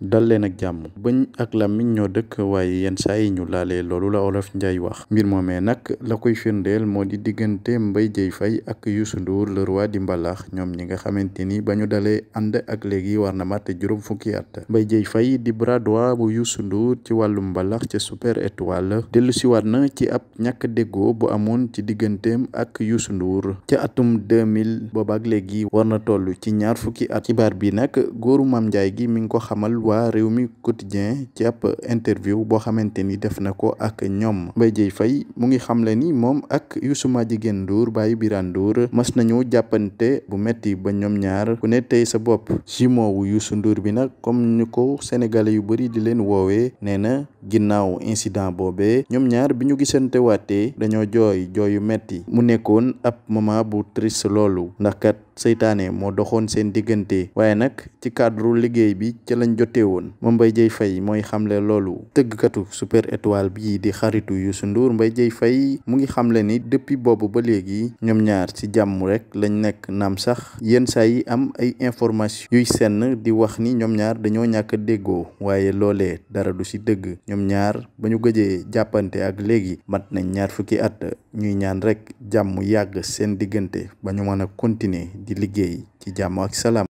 dal leen ak jàmm bëñ ak làmmiñ ñoo dëkk waaye yenn saa yi ñu laalee loolu la Olof Njaay wax mbir moomee nag la koy firndeel moo di diggante Mbaye Dieye fay ak Youssou Ndour le roi di mbalax ñoom ñi nga xamante ni ba ñu dalee ànd ak léegi war na mat juróom fukki at Mbaye Dieye Faye di bras droit bu Youssou Ndour ci wàllum mbalax ca Super Étoile dellusiwaat na ci ab ñàkk déggoo bu amoon ci digganteem ak Youssou Ndour ca atum 2000 ak léegi war na toll ci ñaar fukki at xibaar bi nag góoru Mame Ndiaye gi mi ngi ko xamal waa réew mi quotidien ci ab interview boo xamante ni def na ko ak ñoom Mbaye Dièye fay mu ngi xamle ni moom ak Youssou jigéen Ndour bàyyi Birane Ndour mas nañu jàppante bu metti ba ñoom ñaar ku ne tey sa bopp jumeau wu Youssou nduur bi nag comme ñu ko sénégalais yu bëri di leen woowee nee na ginnaaw incident boobee ñoom ñaar bi ñu gisante waatee dañoo jooy jooyu metti mu nekkoon ab moment bu triste loolu ndax kat seytaane moo doxoon seen diggante waaye nag ci cadre liggéey bi ca lañ jotee woon moom Mbaye Dieye Faye mooy xamle loolu tëggkatu super étoile bii di xaritu Youssou Ndour mbay Dieye Faye mu ngi xamle ni depuis boobu ba léegi ñoom ñaar si jàmm rek lañ nekk naam sax yenn saa yi am ay information yuy senn di wax ni ñoom ñaar dañoo ñàkk déggoo waaye loolee dara du si dëgg ñoom ñaar ba ñu gëjee jàppante ak léegi mat nañ ñaar fukki at ñuy ñaan rek jàmm yàgg seen diggante ba ñu mën a continuer di liggéey ci jàmm ak salaam.